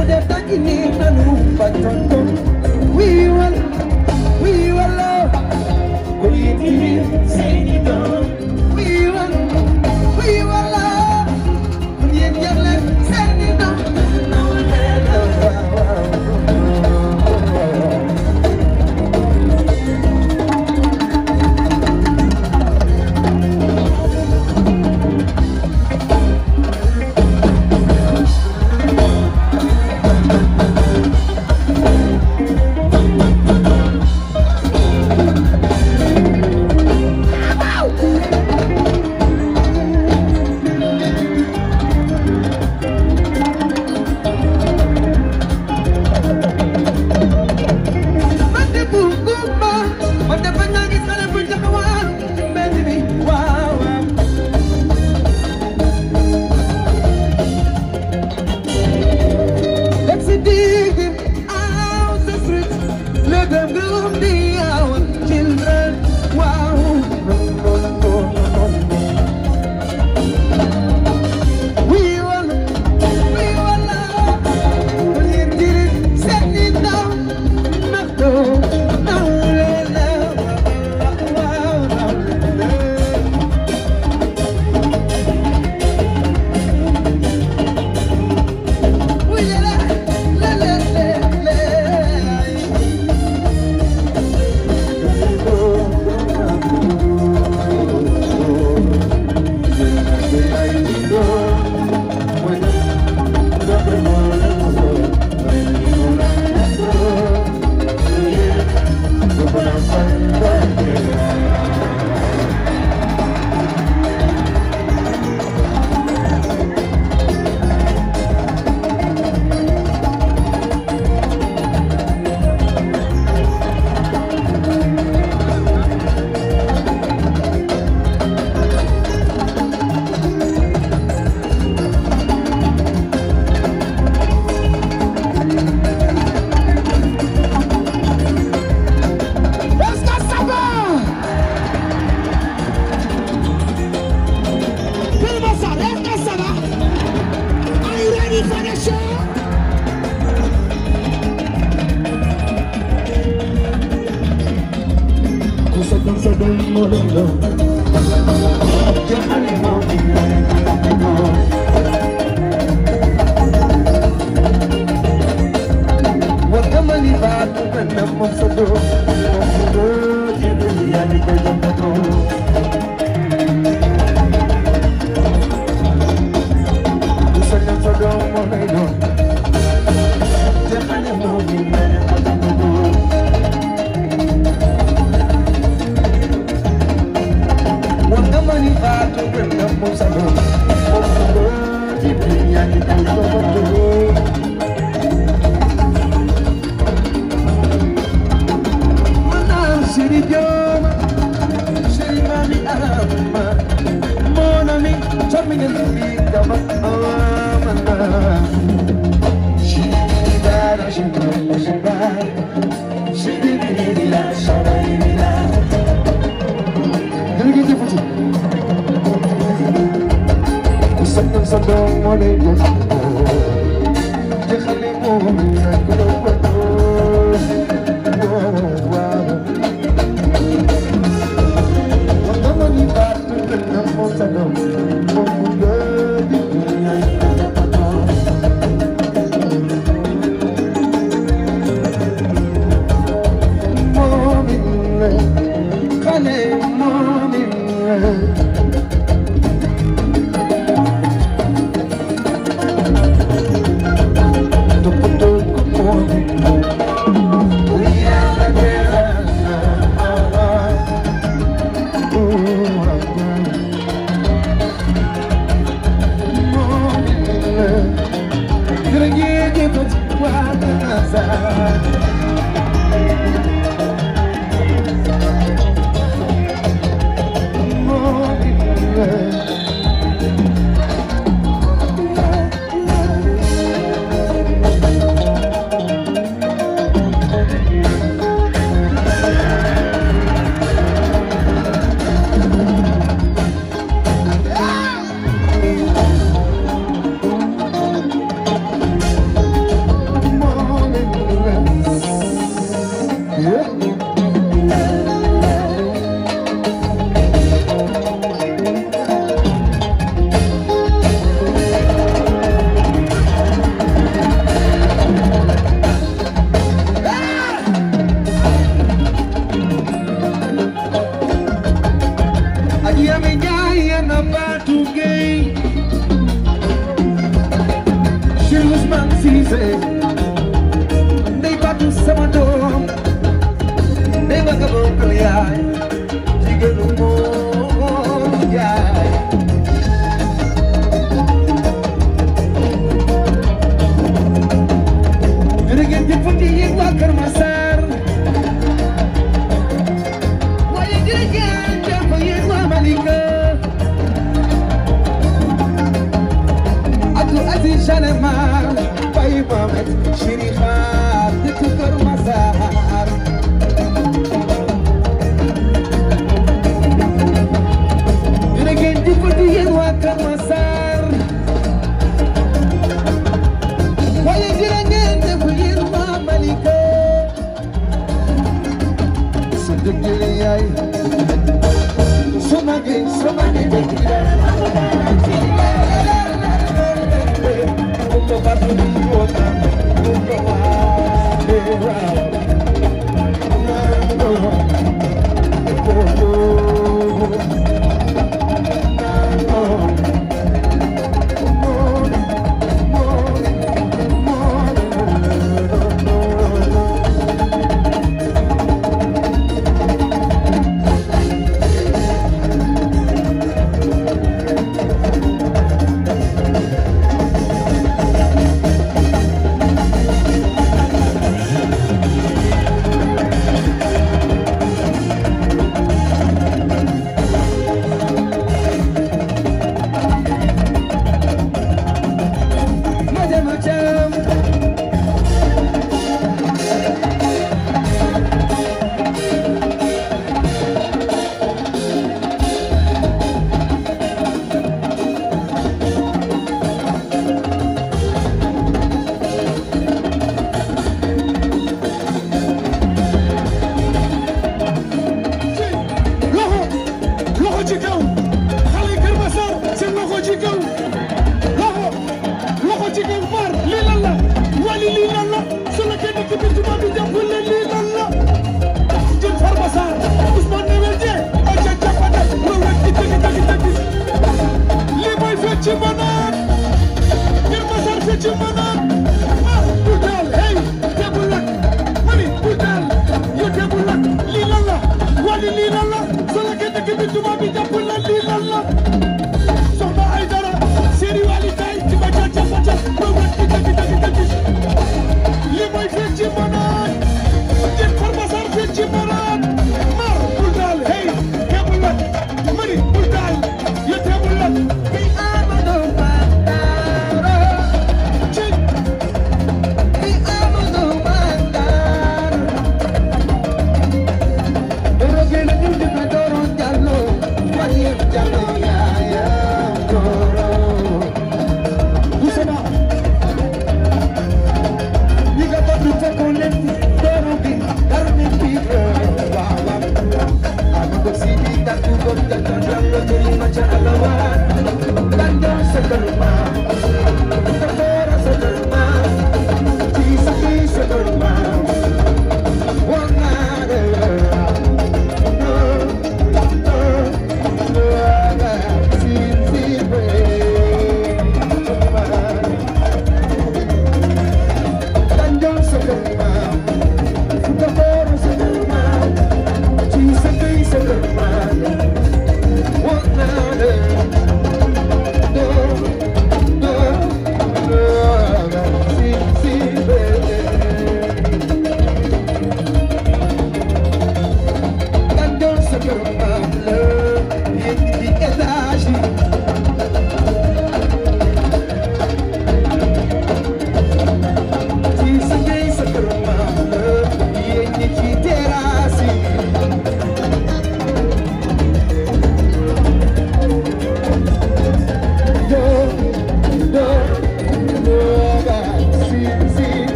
would have done in him the room but We will, we will love. We did, say it done.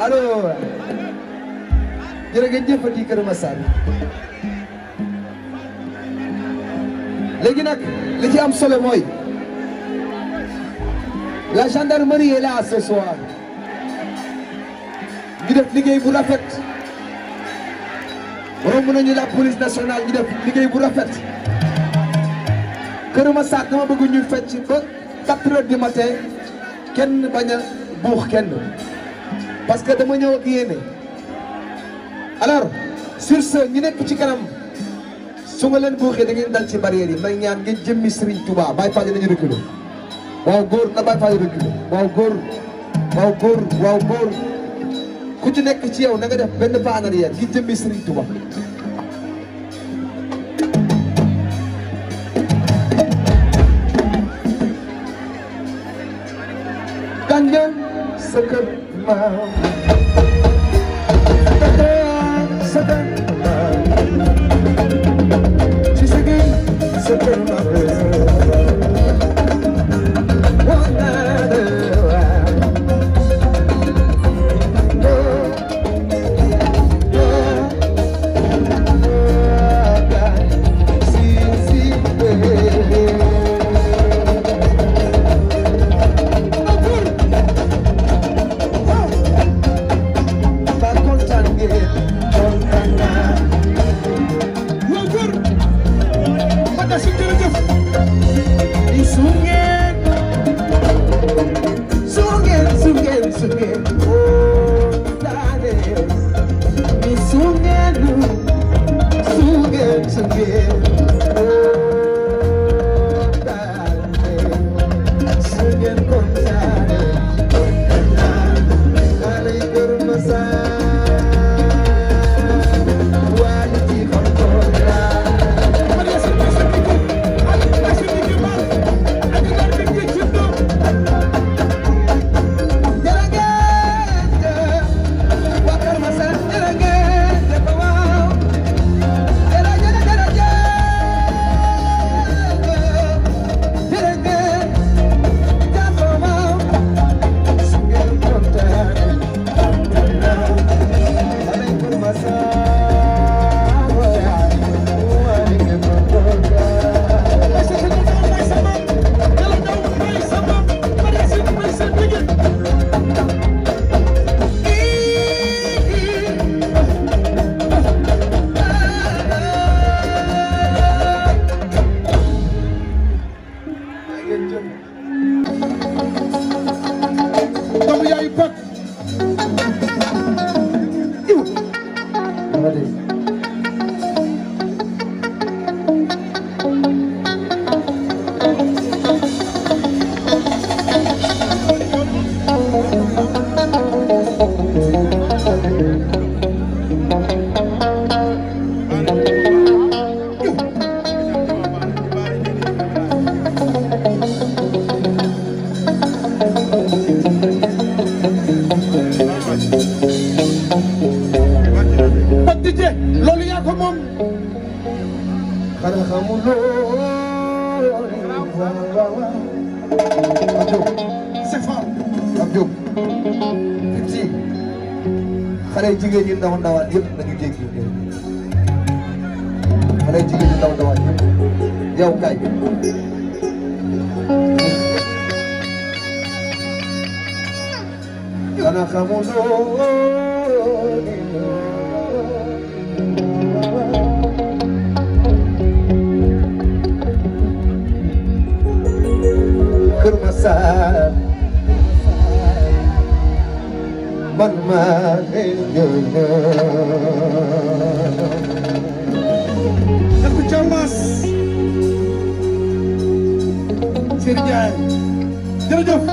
allo jërëjëfati Kër Massar léegi nag li ci am solo mooy la gendarmerie est là ce soir ñu def liggéey bu rafet romb nañu la police nationale ñu def liggéey bu rafet Kër Massar dama bëgg ñu fecc ba 4 heures du kenn bañ buux kenn. parce que dama ñëw ak yéene alors sur ce ñu nekk ci kanam su ma leen buuxee da ngeen dal ci barrière yi may ñaan ngeen jëmmi Serigne a Baye Fadil dañu reculé waaw góor na Baye Fadil reculé waaw góor waaw góor ku ci nekk ci yow na nga def benn pas en arrière ngir jëmmi Serigne Touba. mão Pat Dije loolu yaa ko moom xanaa xamuloo c'est fort Pape Diop Fifty xale jigéen ñi ndaw ndawaan yëpp dañu jéggi xale jigéen ñi ndaw ndawaan yëpp yow kay xanaa xamuloo Kër Masar man maa ngi leen di ñëw. Jàmbaas Serigne Ndiaye jërëjëf.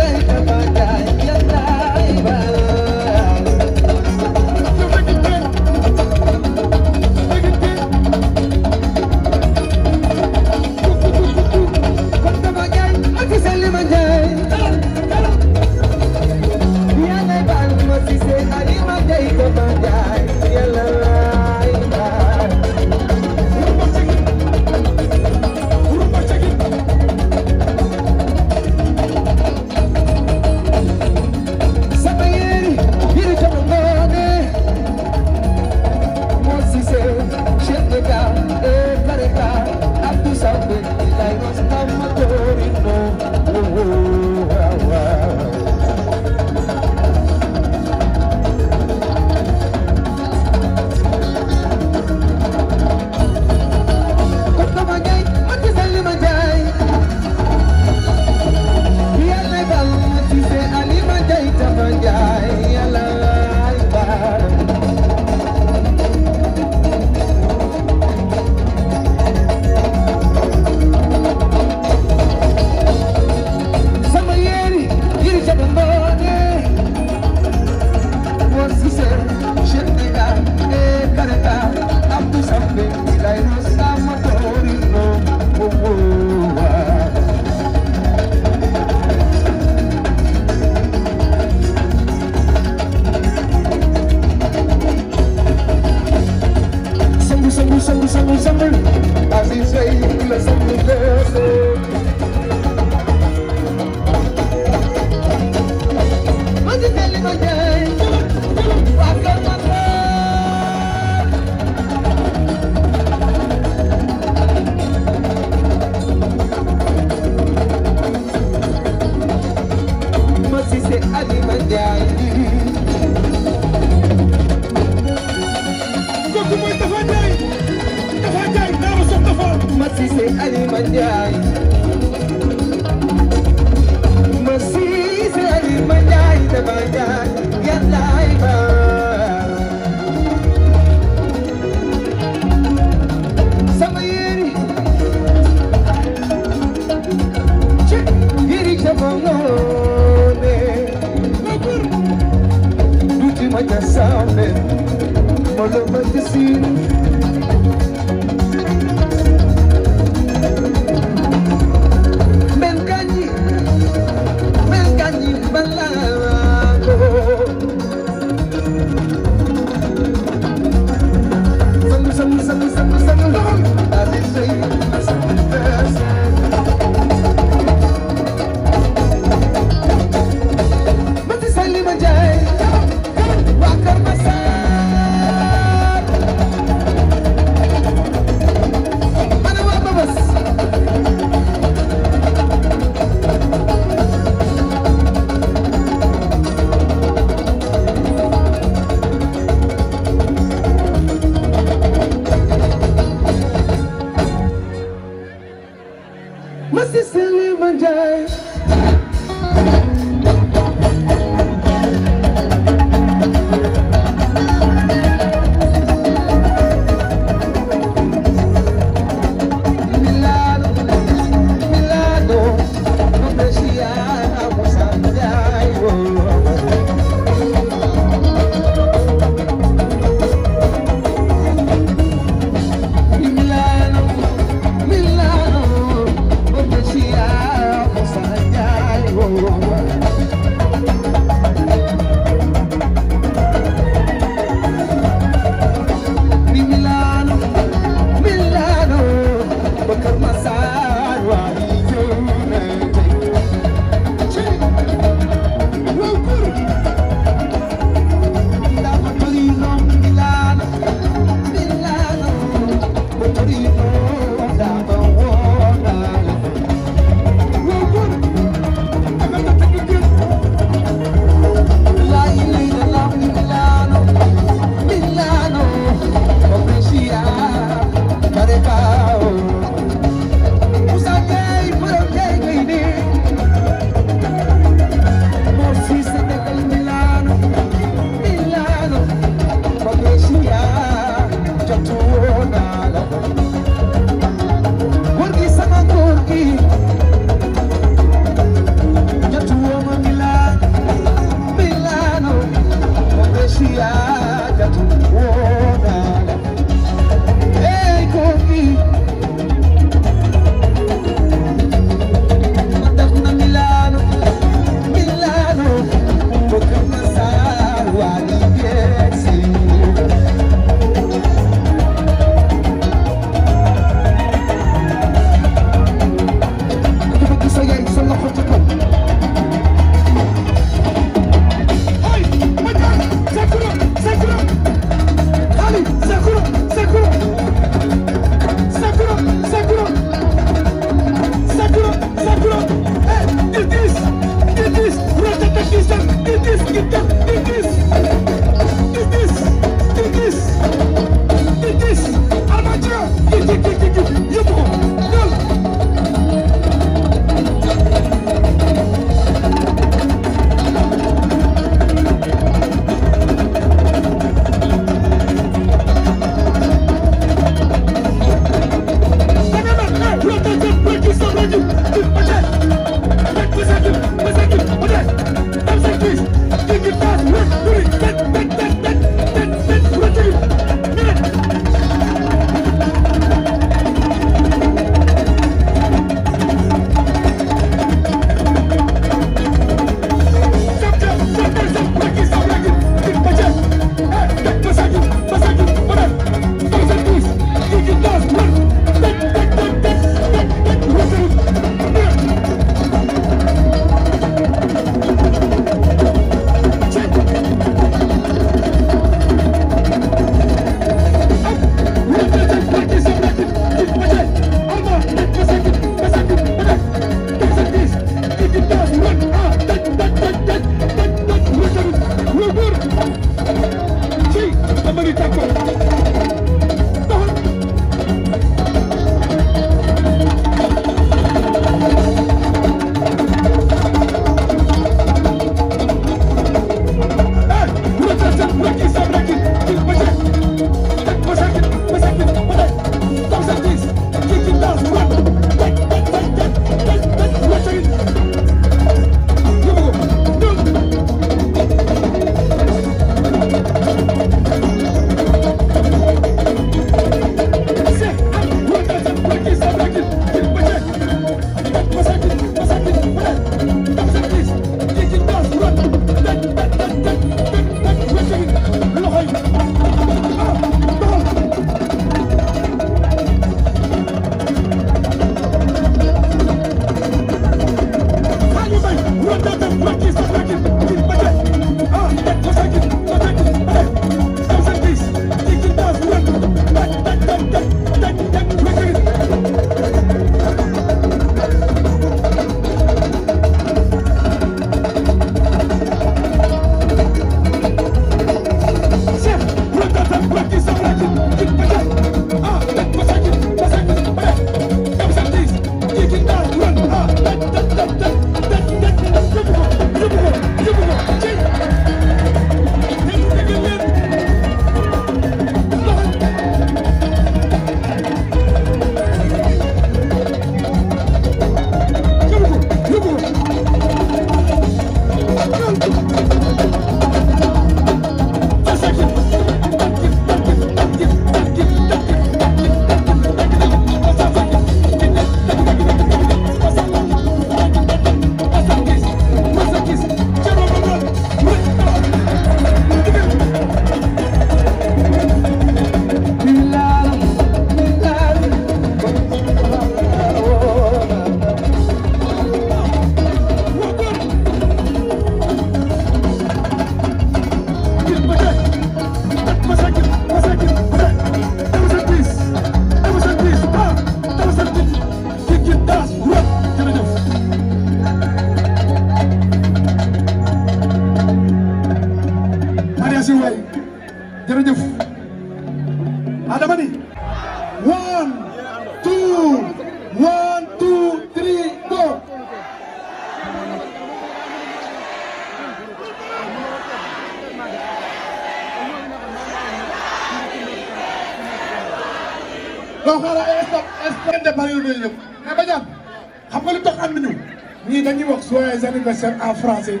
professeur en français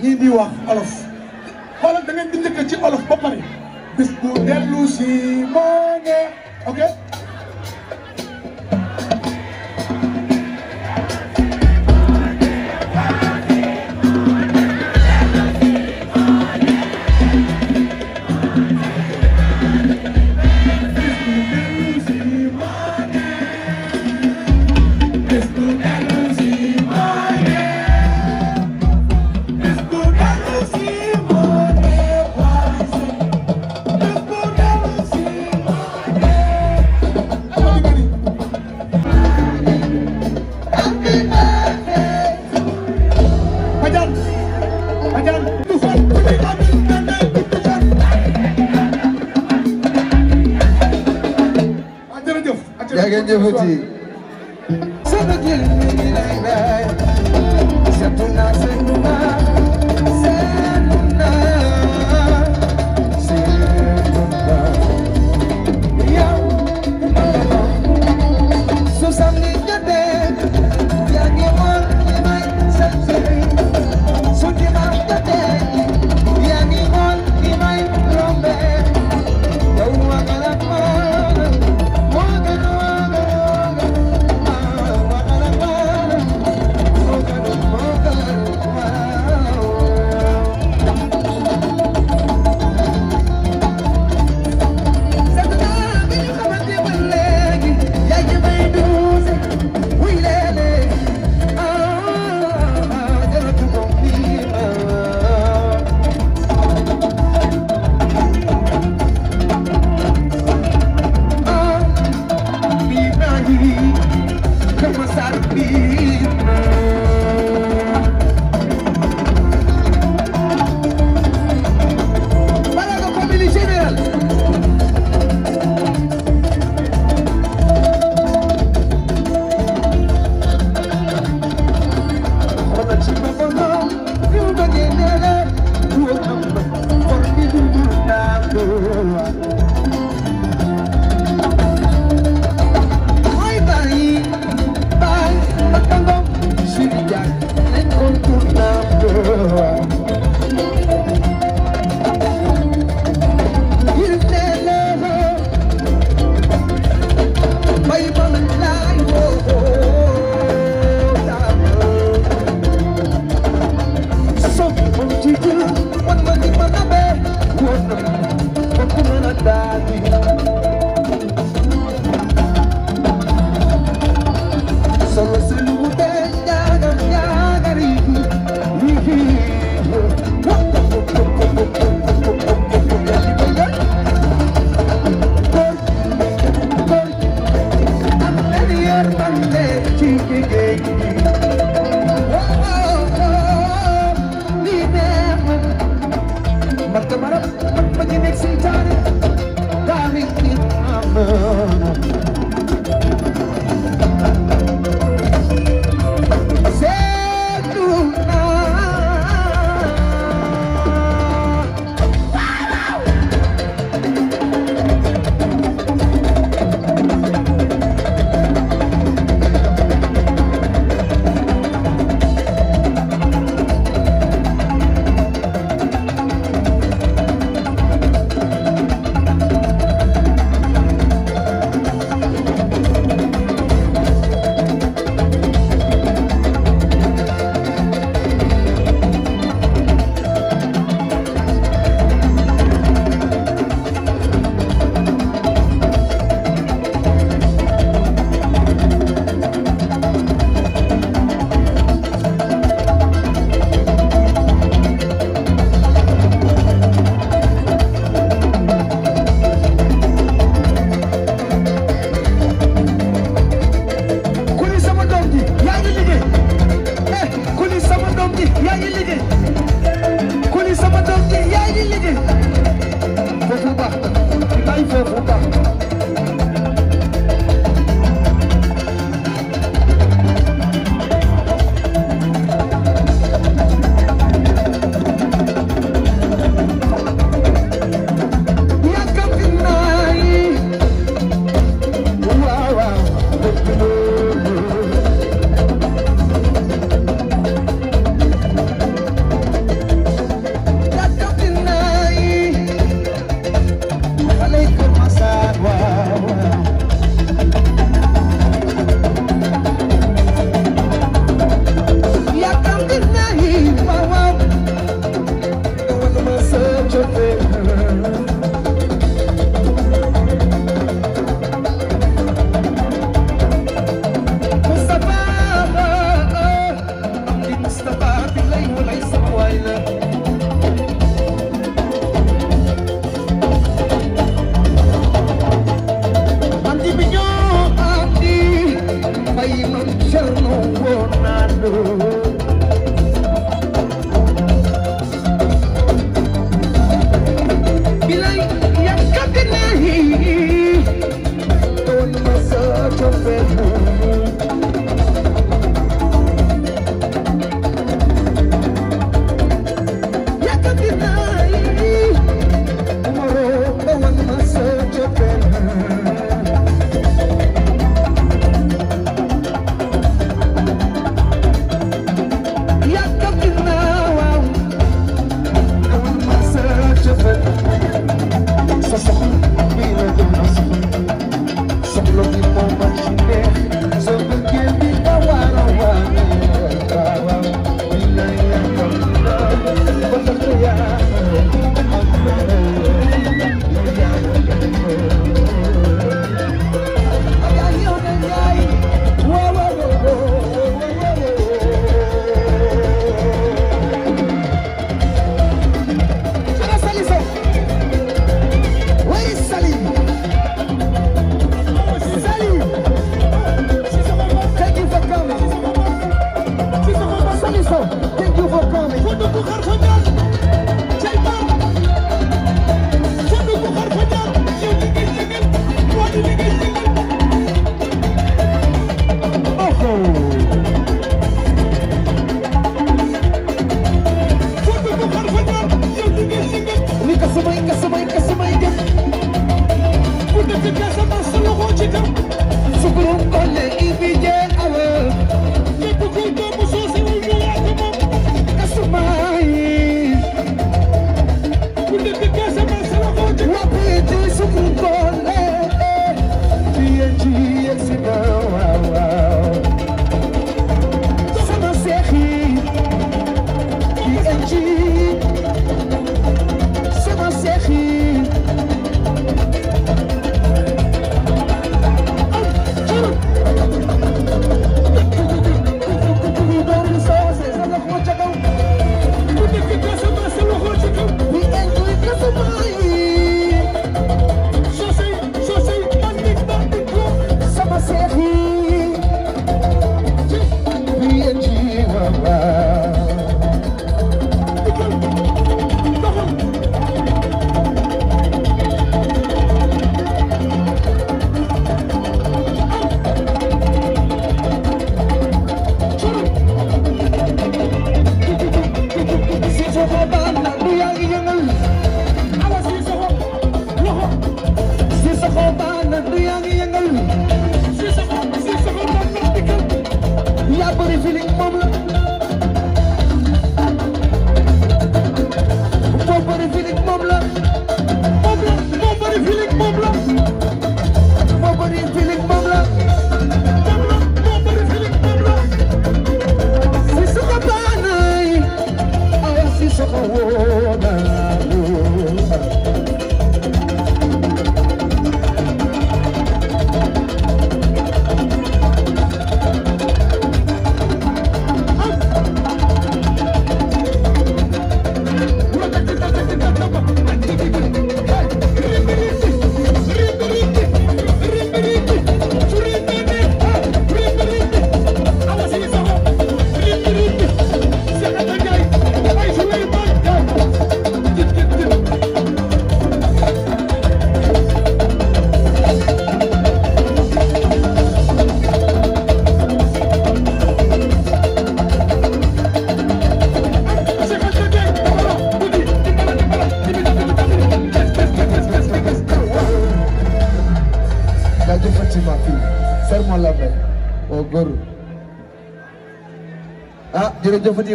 ñii di wax olof jëfati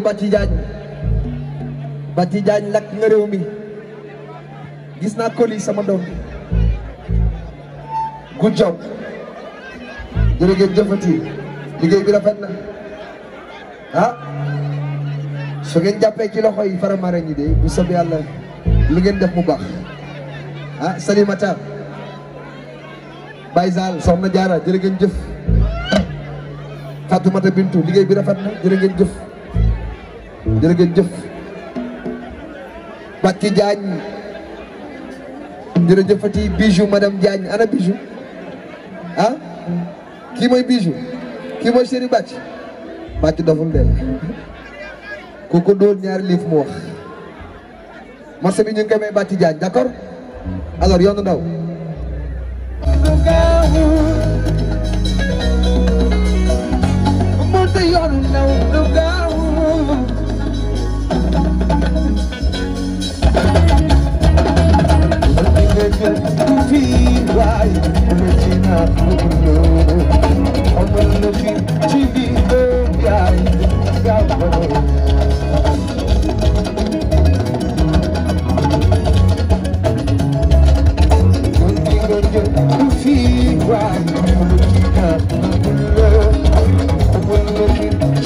Bati Diagne Bati Diagne lakk nga réew mi gis naa Coly sama doom good job jërëngeen jëfati liggéey bi rafet na ah su ngeen jàppee ci loxo yi faramare ñi de bu soobee yàlla lu ngeen def mu baax ah Salimata Baye na soxna Diarra jërëngeen jëf Fatoumata Bintu liggéey bi rafet na jërëngeen jëf jërë ngeen jëf Bàkki Diagne jërëjëfati bijou madame Diagne ana bijou ah kii mooy bijou kii mooy chéri bàcc bàcc doful de ku ko dóor ñaari liif mu wax marché bi ñu ngi koy may Bàcci Diagne d'accord alors yoonu ndaw yoonu ndaw سجل في راي مدينة كله عمر نخيل تيجي بيعي قبل في راي مدينة كله عمر نخيل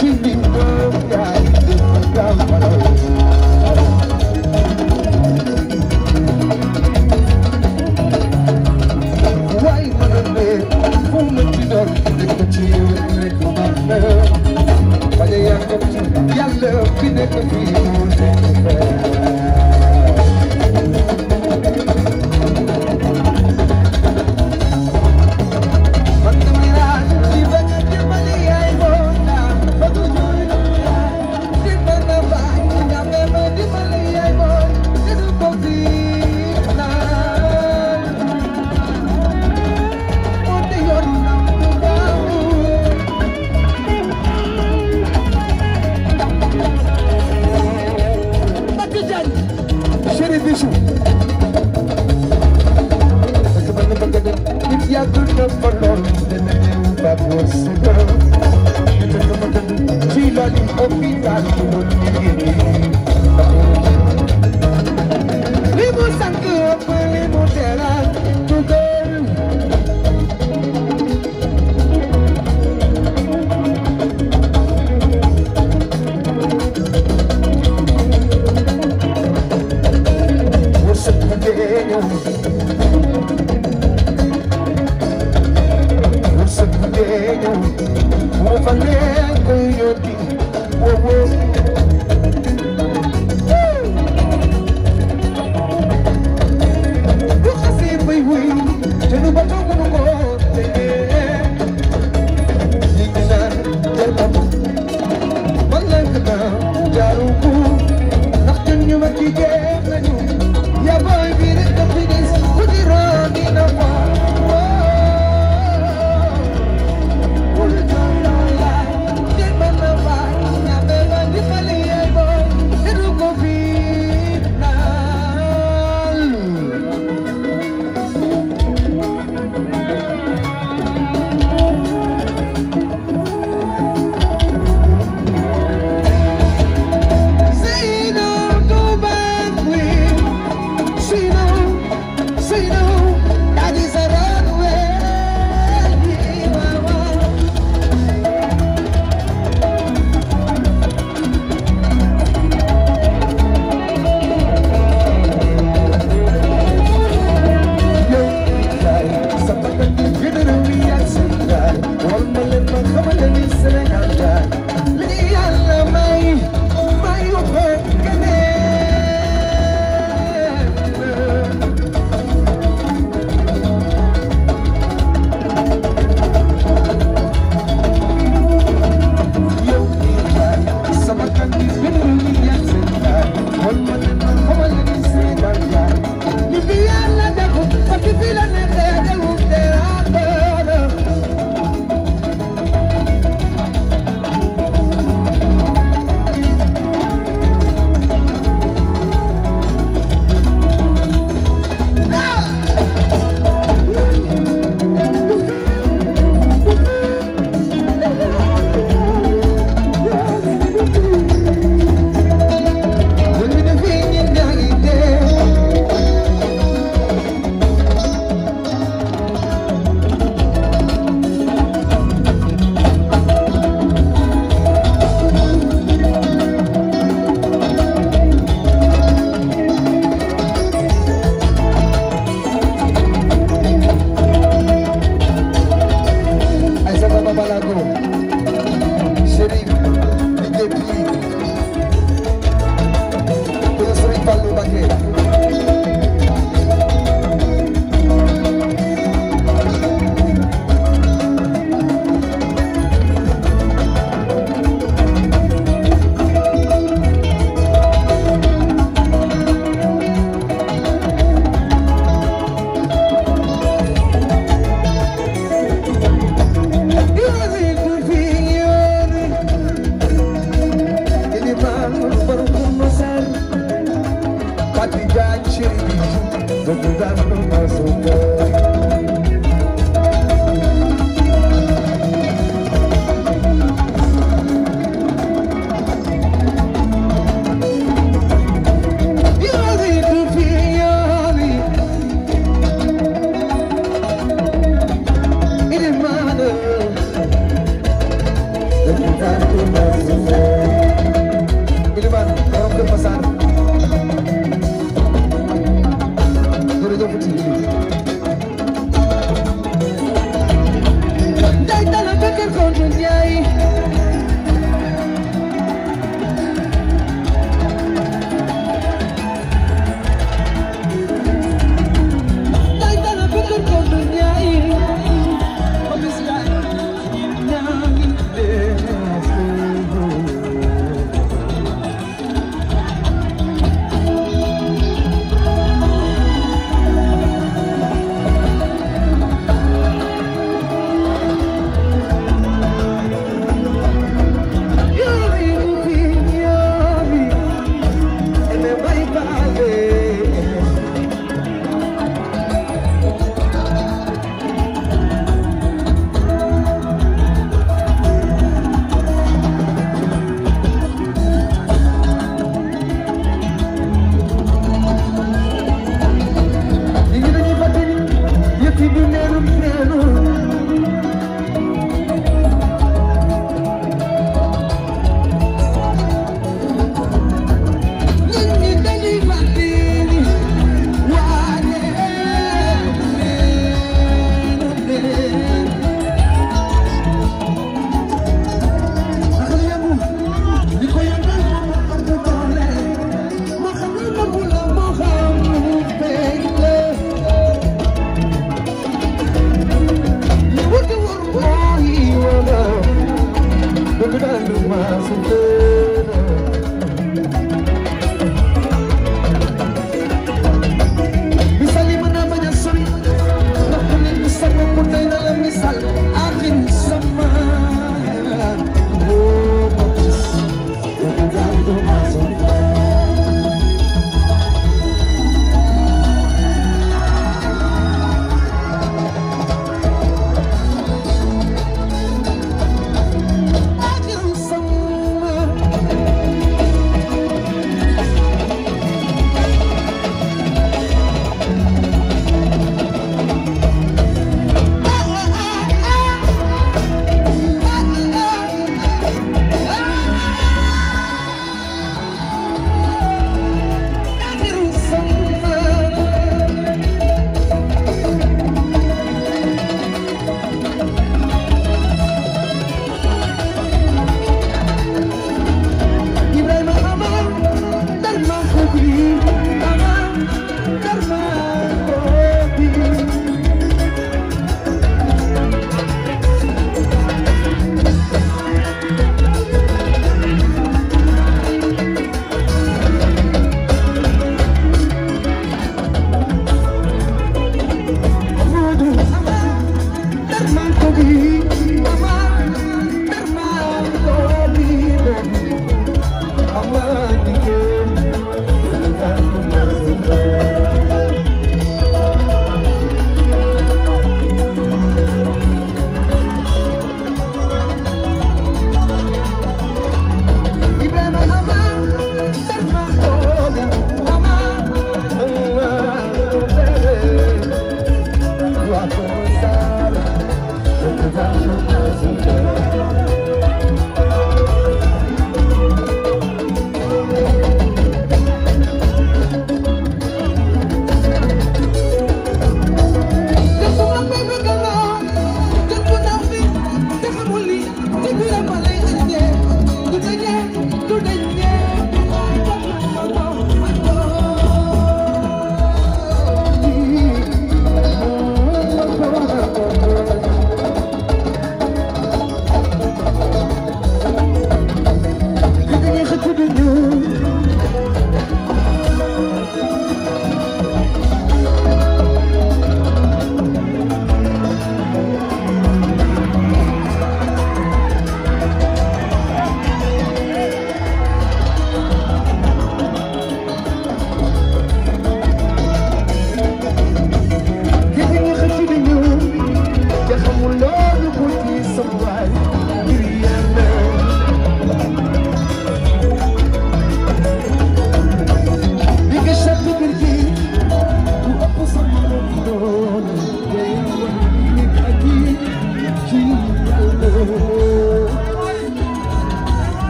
nekk fii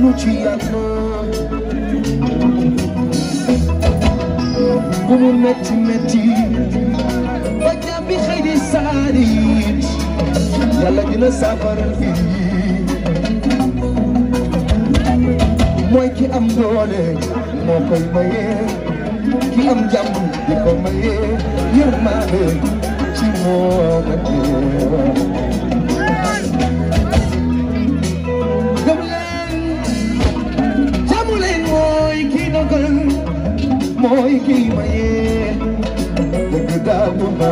nuci yàlla bu mu metti metti ba jàmbi xëy di saarit yàlla dina saafaral fii mooy ki am doole moo koy maye ki am jàmm di ko maye yërmaande ci moo kii ma yee dëgg daa bu ma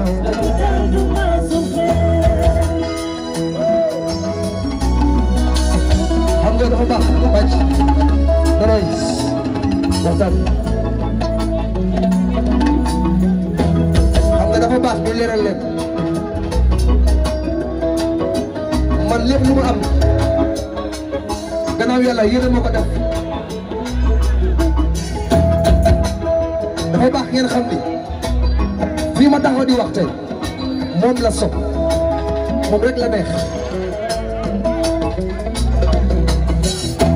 xam nga dafa baax bàcc dana gis waxtaan xam nga dafa baax ñu leeral leen man lépp lu ma am gannaaw yàlla yéene moo ko def dafa baax ngeen xam ni fii ma taxaw di wax moom la sopp moom rek la neex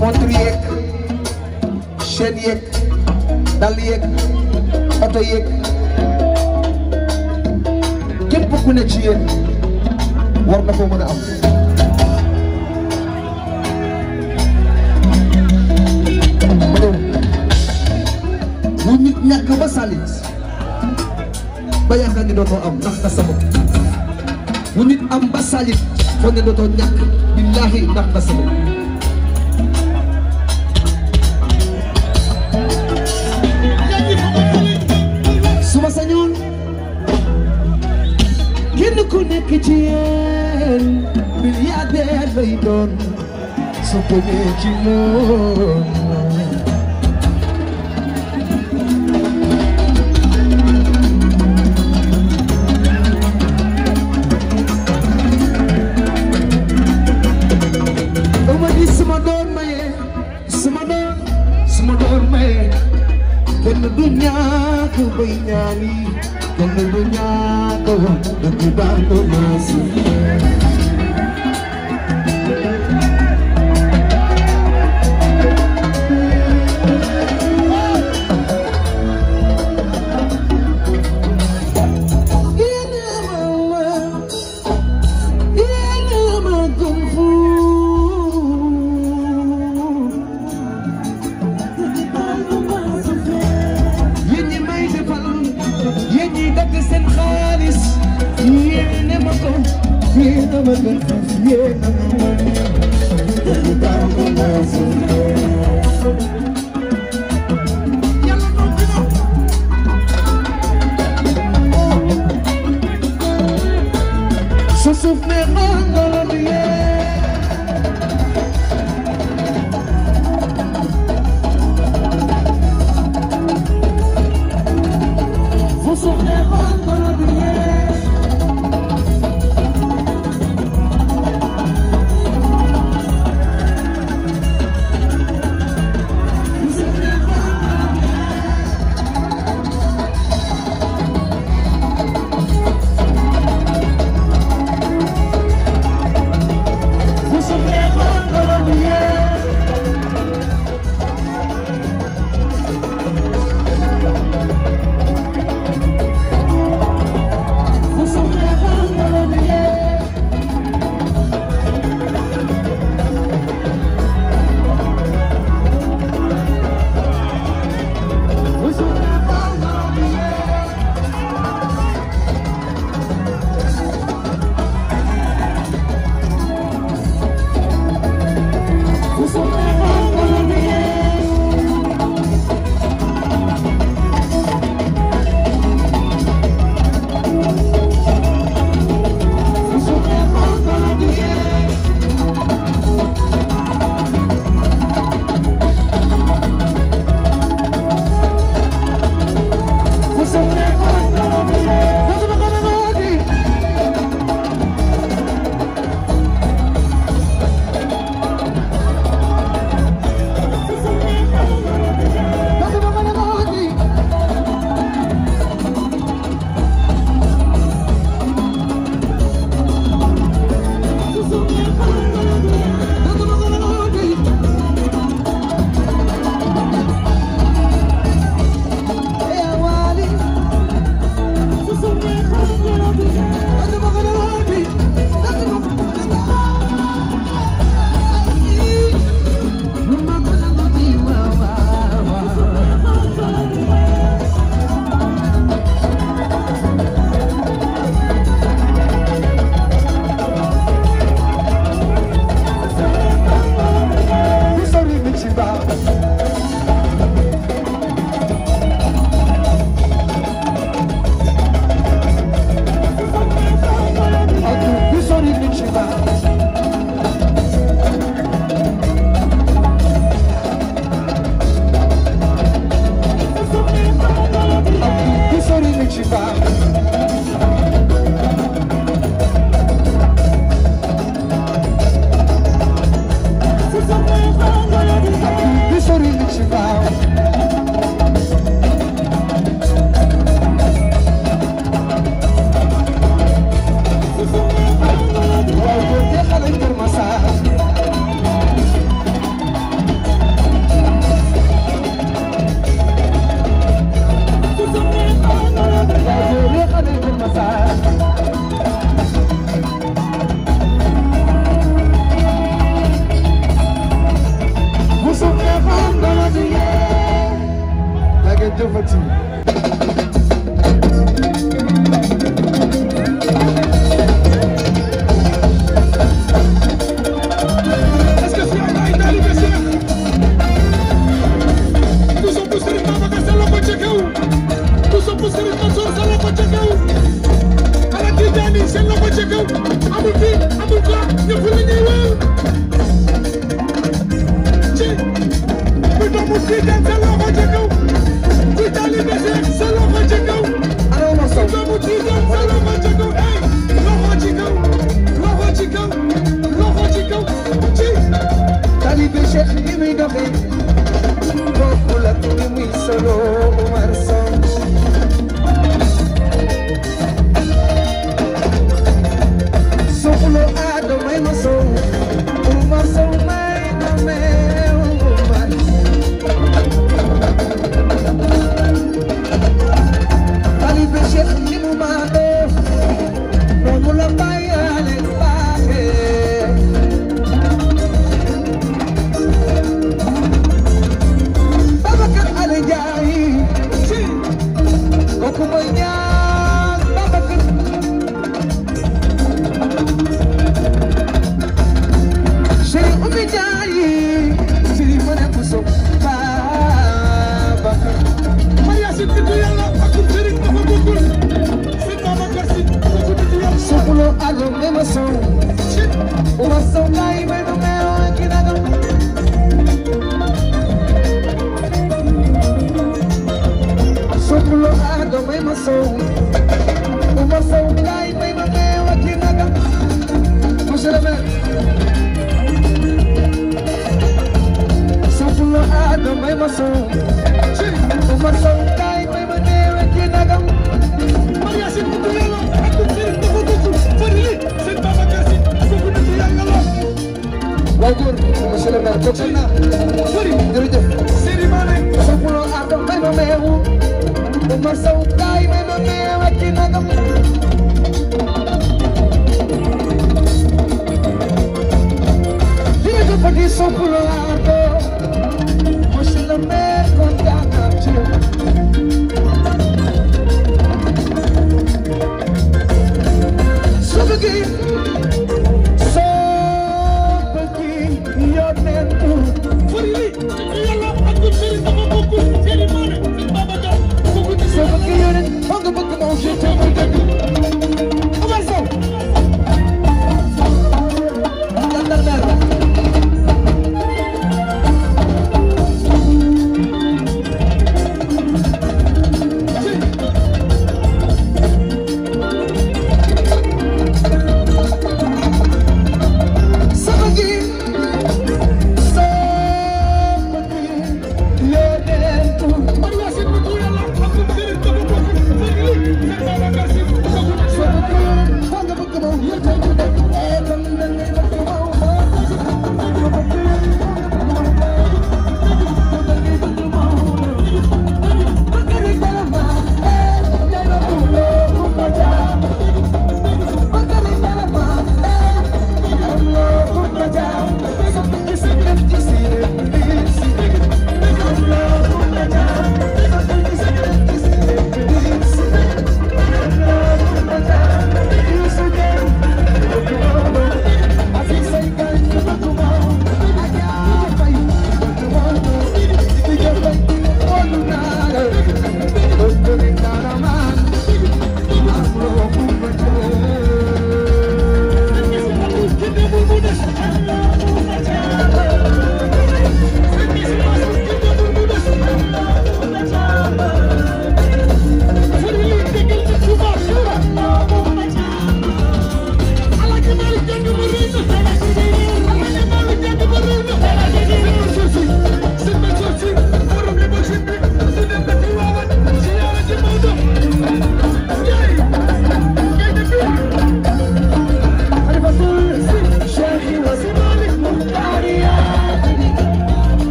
montre yeeg chaîne yeeg dàll yeeg oto yeeg képp ku ne ci yéen war na ko mën a am bu nit ñàkk ba salit ba yaakaar ne dootoo am ndax nga nit am ba salit foog ne dootoo ñàkk billaahi su ma sañoon kenn ku nekk ci yéen milliardaire lay doon su ko ci moom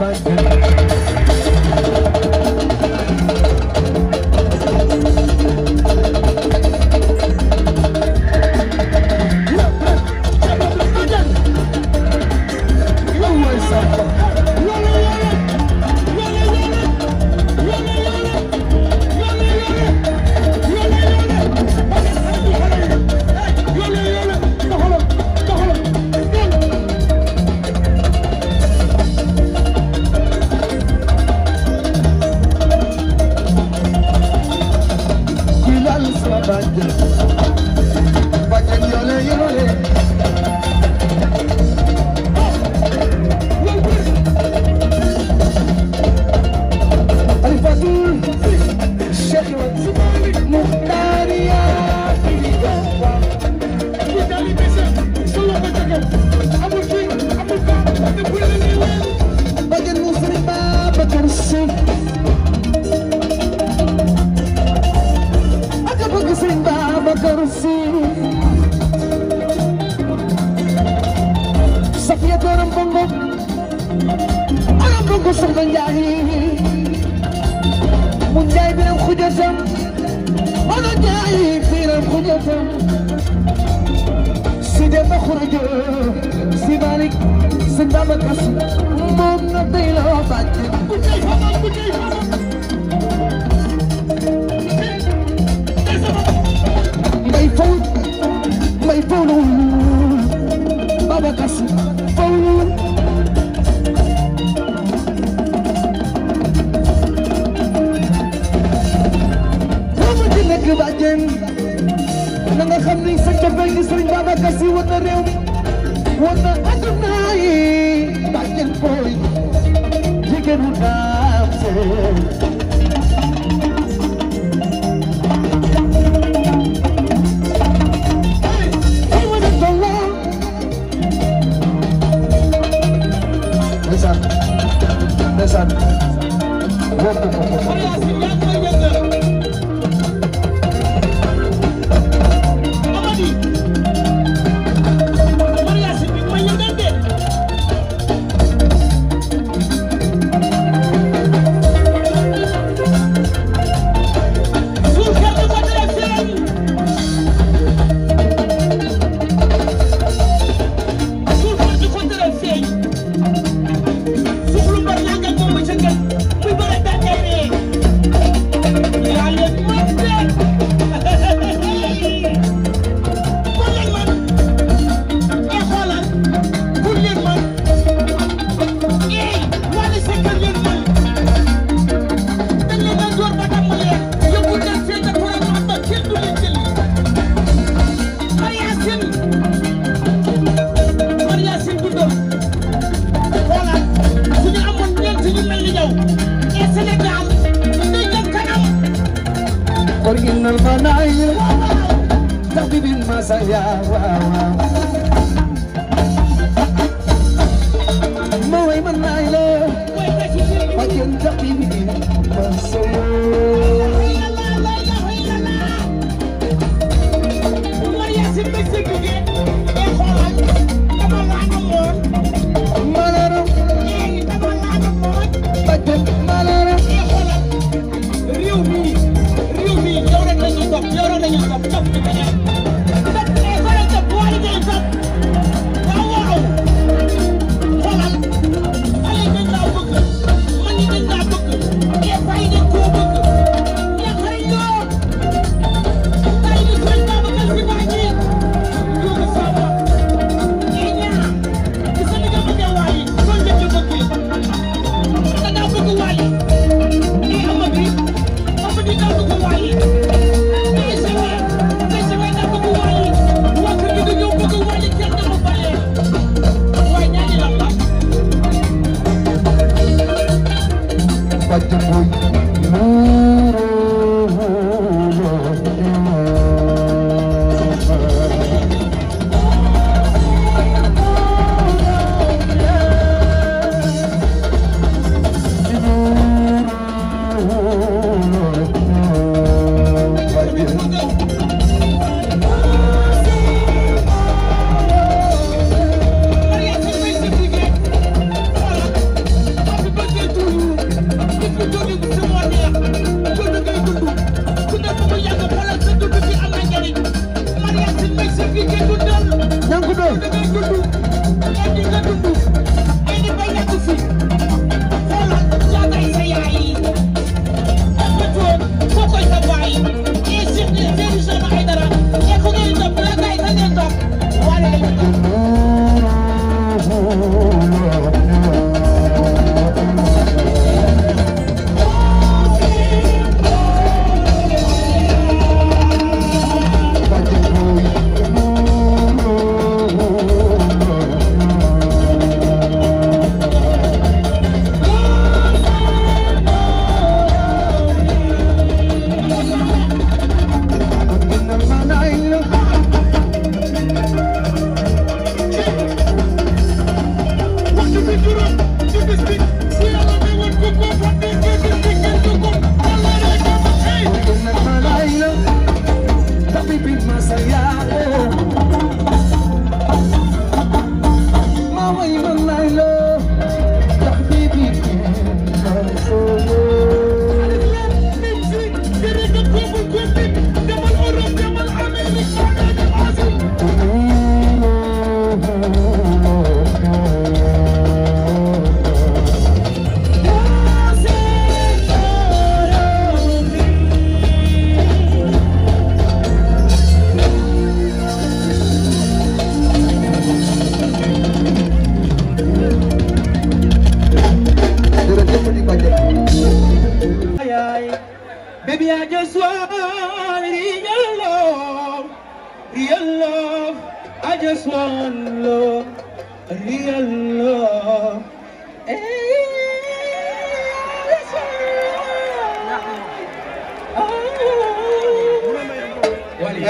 bad.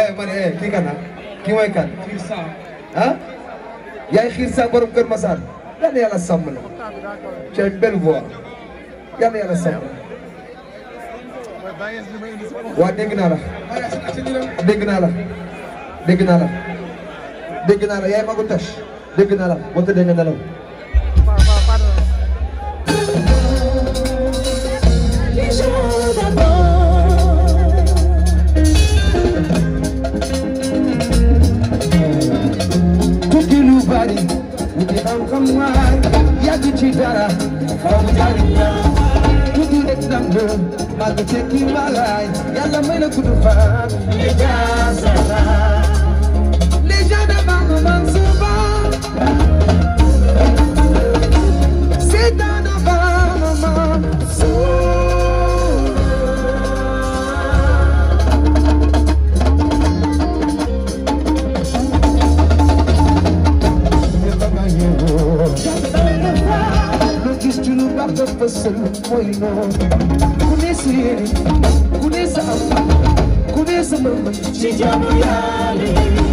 eh man eh kii kan ah kii kan. ah yaay xiir sa borom Kër Massar yal na la tu as une belle voix yal na la. waa dégg naa la dégg naa la dégg naa la dégg naa la yaay magu tash dégg naa la wante dégg naa la. borom waay yàgg ci dara faw jariñ la tudd rek nangu màgg tekki malaay yàlla may la gudd fan lijasala lijada bangu man suba nar da fësal mooy noonu ku ne sa yéene ku ne sa am ku ne sa mën-mën ci jaamu Yàlla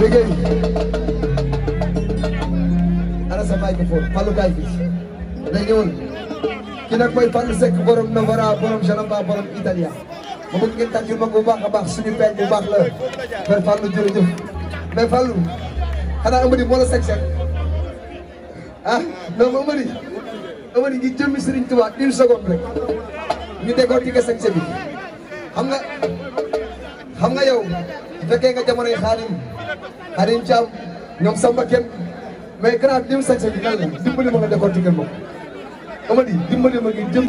déggéey ana sa microphone Fallou kaay fii na ñëwul ki nag mooy Fallou Seck borom Novara borom Jalamba borom Italia ma bëgg ngeen tàccu ma bu baax a baax suñu peñ bu baax la mais Fallou jërëjëf mais Fallou xanaa Amady moo la Seck Seck ah non Amady Amady ngi jëmmi Serigne Touba une seconde rek ñu décortiquer Seck Seck bi xam nga xam nga yow fekkee nga jamonoy xaadim a Harim Thiam ñoom Samba Kane mais grand bi li mu sañ sañ bi lan la dimbali ma di décortiquer ma ko Amady dimbali ma ngi jëm.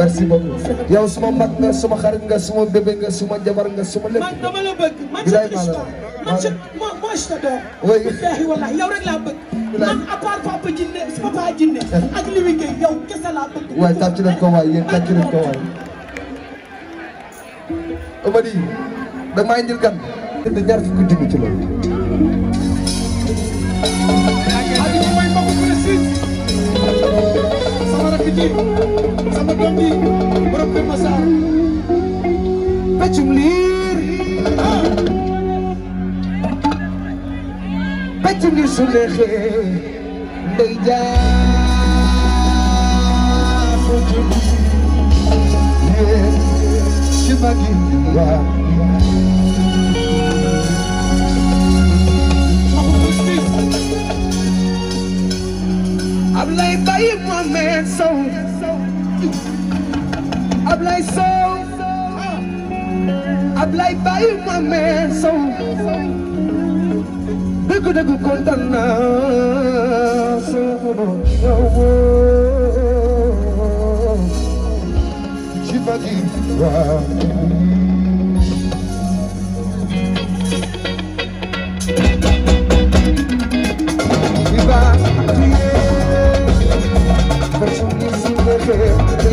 merci beaucoup yow suma mag nga suma xarit nga suma bébé nga suma jabar nga suma lépp. man dama la bëgg man sa Christophe man sa moo moo sa doom. oui billaahi wallaahi yow rek laa bëgg. man à part papa Jinne papa Jinne ak li muy géey yow kese laa bëgg. waay tàcc nañ ko waay yéen tàcc nañ ko waay. Amady damaa indil gan. dëgg ñaar fukki junni ci loolu. Aliou mooy mbokku Palestine. sama rakk ji. xam nga doom bi borom Kër Masar peccum liir peccum liir su neexee ndey jaar peccum liir ci magi waa Ablaye Baye Mohamed Sow Ablaye Sow Ablaye Baye Mohamed Sow dëgg dëgg kontaan naa Sow yow ci bagi waaw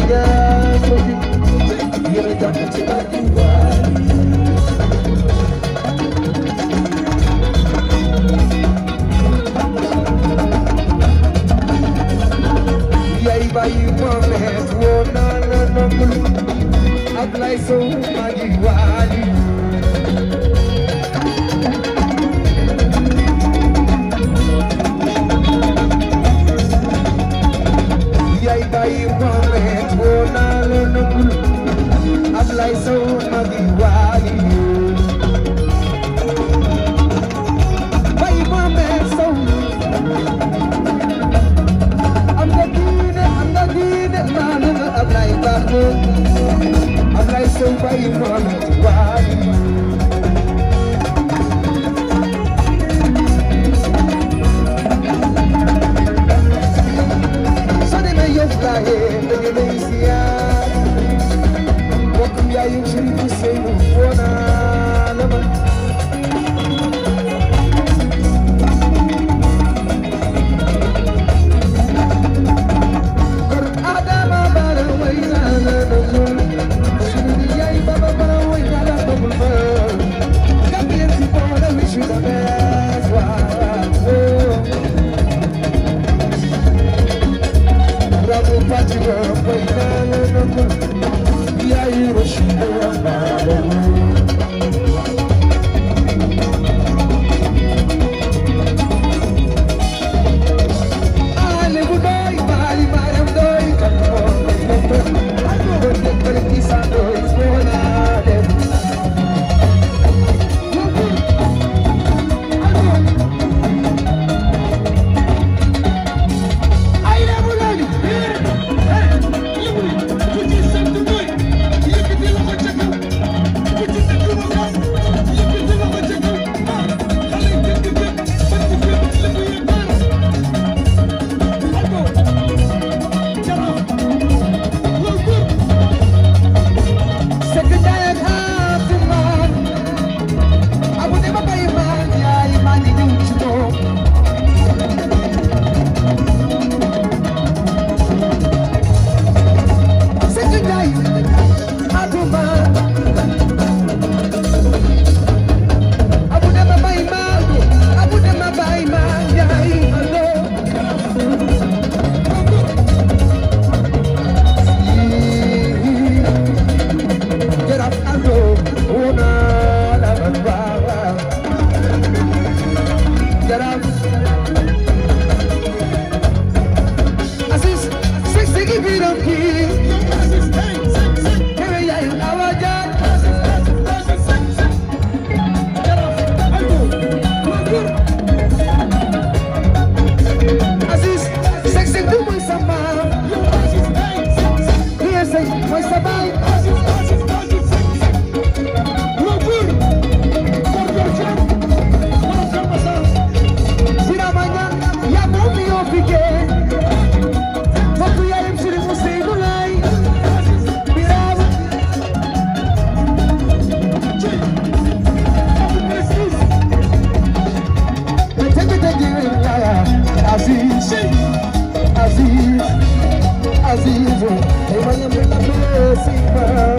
Yeah. yéen a jàpp ci kàddu Simba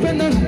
sleeping.